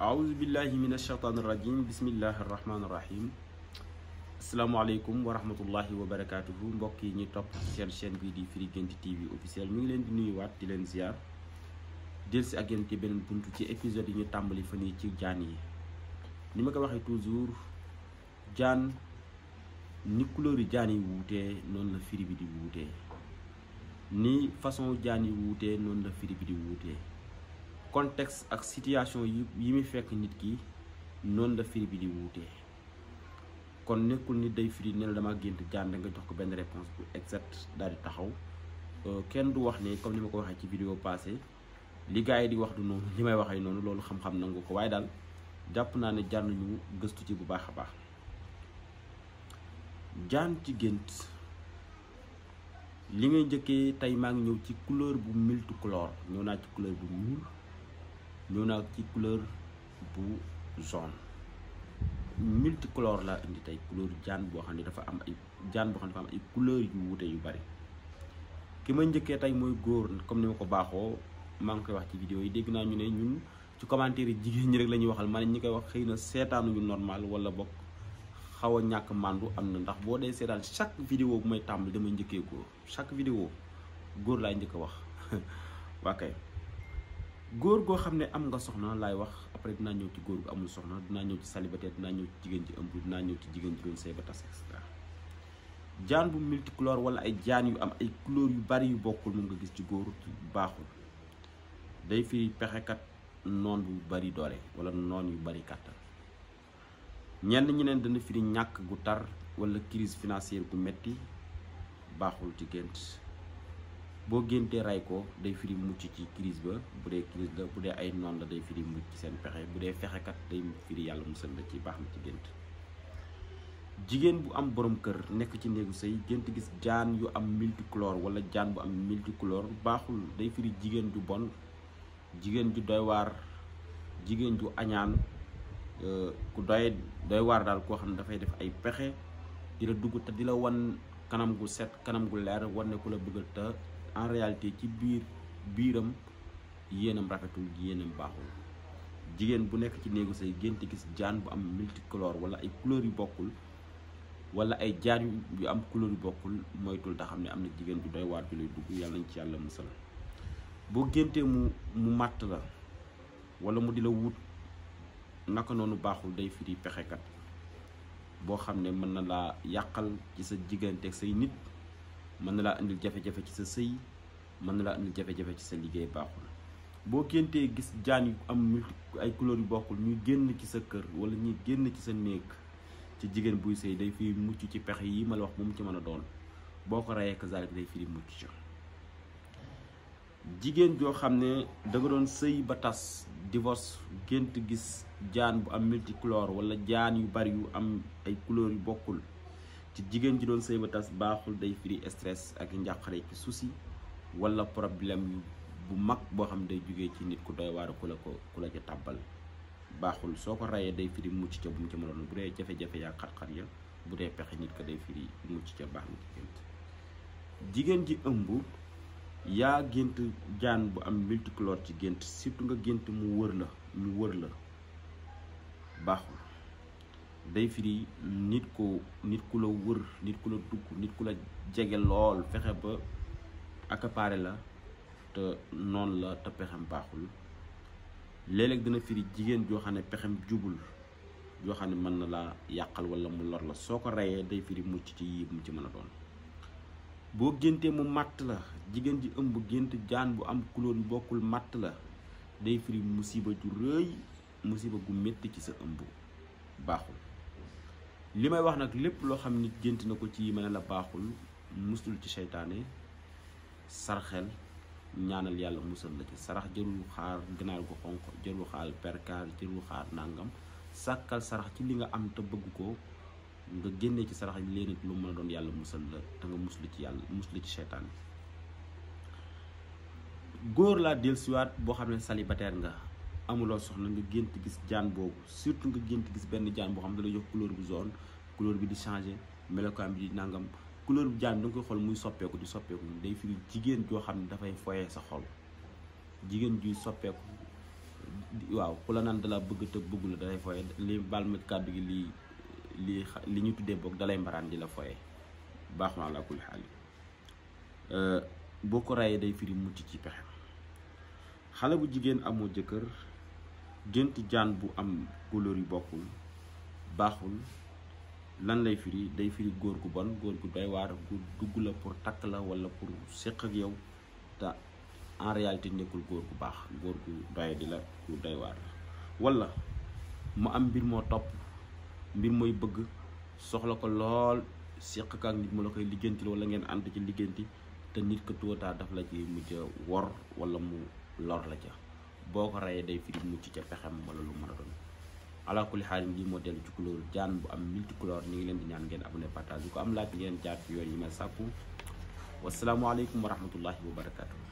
aouzu billahi min ashaytaani rajim bismillahi rahmaani rahim asalaamaaleykum wa rahmatullahi wa barakaatuhu mbokk yi ñu topp ci seen chaîne bii di Firi Guent TV officiel ñu ngi leen di nuyuwaat di leen ziar delsi ak yéen beneen bunt ci épisode yi ñu tàmbali fan yi ci jaan yi ni ma ko waxee toujours jaan ni couleur yi jaan yi wuutee noonu la firi di wuutee ni façon jaan yi wuutee noonu la firi bi di wuutee contexte ak situation yi yi muy fekk nit ki noonu la firi bi di wuutee kon nekkul nit day firi ne la dama gént jaan nga jox ko benn réponse bu exact daal di taxaw euh, kenn du wax ne comme li ma ko waxee ci vidéo passé li gars yi di wax du noonu li may waxee noonu loolu xam-xam nangu ko waaye daal jàpp naa ne jànn ñu gëstu ci bu baax a baax jaan ci gént li ngay njëkkee tey maa ngi ñëw ci couleur bu multicolore ñëw naa ci couleur bu ñuul ñëw naa ci couleur bu jaune multicolore laa indi tey couleur jaan boo xam ne dafa am ay jaan boo xam dafa am ay couleur yu wuute yu bari ki ma njëkkee tey mooy góor comme ni ma ko baaxoo maa ngi koy wax ci vidéo yi dégg naa ñu ne ñun ci commentaire yi jigéen ñi rek la ñuy waxal man ñi koy wax xëy na seetaanuñu normal wala bokk xaw a ñàkk màndu am na ndax boo dee seetaan chaque vidéo bu may tàmbali damay njëkkee góor chaque vidéo góor laay njëkk a wax waa góor goo xam ne am nga soxna laay wax après dina ñëw ci góor gu amul soxna dinaa ñëw ci célibataire dina ñëw ci jigéen ji ëmb dinaa ñëw ci jigéen ji doon sëy ba jaan bu multicolore wala ay jaan yu am ay couleur yu bari yu bokkul mun nga gis ci góor baaxul day firi pexekat noon bu bari doole wala noon yu bari kàttan ñenn ñi neen dana firi ñàkk gu tar wala crise financière gu metti baaxul ci gént boo géntee ray ko day firi mucc ci crise ba bu dee crise la bu dee ay noon la day firi mucc ci seen pexe bu dee fexekat day firi yàlla musal la ci baax ma ci gént jigéen bu am borom kër nekk ci néegu sëy gént gis jaan yu am multicolore wala jaan bu am multicolore baaxul day firi jigéen ju bon jigéen ju doy waar jigéen ju añaan euh, ku doy doy waar daal koo xam ne dafay def ay pexe di la dugg te di la wan kanam gu set kanam gu leer wan ne ku la bëgg en ci biir biiram yéenam rafetul yéenam baaxul jigéen bu nekk ci néegu say gént gis jaan bu am multicolore wala ay couleurs yu bokkul wala ay jaan yu am couleur yu bokkul moytul te xam ne am na jigéen ju doy waar ju lay dugg yàlla nañ ci yàlla musal boo géntee mu mu màtt la wala mu di la wut naka noonu baaxul day firi pexekat boo xam ne mën na laa yàqal ci sa jigante ak say nit mën na laa indil jafe-jafe ci sa sëy mën na laa indil jafe-jafe ci sa liggéey baaxul boo géntee gis jaan yu am multiple yu bokkul ñuy génn ci sa kër wala ñuy génn ci sa néeg ci jigéen buy sëy day fi mucc ci pexe yi ma la wax moom ci mën a doon boo ko rayee kazalik day fi mucc ci jigéen joo xam ne da doon sëy ba tas divorce gént gis jaan bu am multicolore wala jaan yu bari yu am ay couleur yu bokkul ci jigéen ji doon sëy ba tas baaxul day firi stress ak njàqare ci suusi wala problème bu mag boo xam day jugee ci nit ku doy waar ku la ko ku la ca tàbbal baaxul soo ko rayee day firi mucc ca bu mu ca mënoon bu dee jafe-jafe yaa xar-xar ya bu dee pexe nit ko day firi mucc ca baax na jigéen jigéen ji ëmb yaa gént jaan bu am multicolore ci gént surtout nga gént mu wër la ñu wër la baaxul day firi nit ku nit ku la wër nit ku la dugg nit ku la jege lool fexe ba ak accaparé la te noonu la te pexem baaxul léeg-léeg dina firi jigéen joo xam ne pexem jubul joo xam ne mën na laa yàqal wala mu lor la soo ko reyee day firi mucc ci yi ci mën doon boo géntee mu màtt la jigéen ji ëmb gént jaan bu am kulóon bokkul màtt la day firi musiba ju rëy musiba gu métti ci sa ëmb baaxul li may wax nag lépp loo xam nit gént na ko ci ma ne la baaxul musul ci seytaane sarxel ñaanal yàlla musal la ci sarax jërul xaar ganaar gu xonq jërul xaar perkaar jërul xaar nàngam sàkkal sarax ci li nga am te bëgg ko nga génnee ci sarax bi léegi lu mën a doon yàlla musal la te nga ci yàlla muslu ci seytaane góor laa dellusiwaat boo xam ne salibateer nga amuloo soxna nga gént gis jaan boobu surtout nga gént gis benn jaan boo xam ne da lay jox couleur bu zone couleur bi di changé melokaan bi di nangam couleur bu jaan bi da nga koy xool muy soppeeku di soppeeku day firi jigéen joo xam ne dafay foyee sa jigéen juy soppeeku waaw la naan dala bëgg te bëggu la dalay foyee li baal ma kàddu gi lii lii li ñu tuddee dalay mbaraan di la foyee baax na la kulli euh, ko rayee day firi mucc ci pexe xale bu jigéen amoo jëkkër gént jaan bu am couleur yu bokkul baaxul lan lay firi day firi góor gu bon góor gu doy waar gu dugg la pour takk la wala pour séq ak yow te en nekkul góor gu baax góor gu doy di la gu doy waar wala mu am mbir moo topp mbir mooy bëgg soxla ko lool séq ak nit mu la koy liggéeyantil wala ngeen ànd ci liggéeyanti te nit ko tuwataa daf la ci mujj wor wala mu lor la ca boo ko reyee day firi mucc ca pexem wala lu mën a doon alaakulli xaalim lii moo dellu ci couleur jaan bu am multicolore ñu ngi leen di ñaan ngeen abonné partage bu ko am laaj ngeen jaar ci yoon yi ma sàkku wasalaamualeykum wa rahmatullahi wa barakatu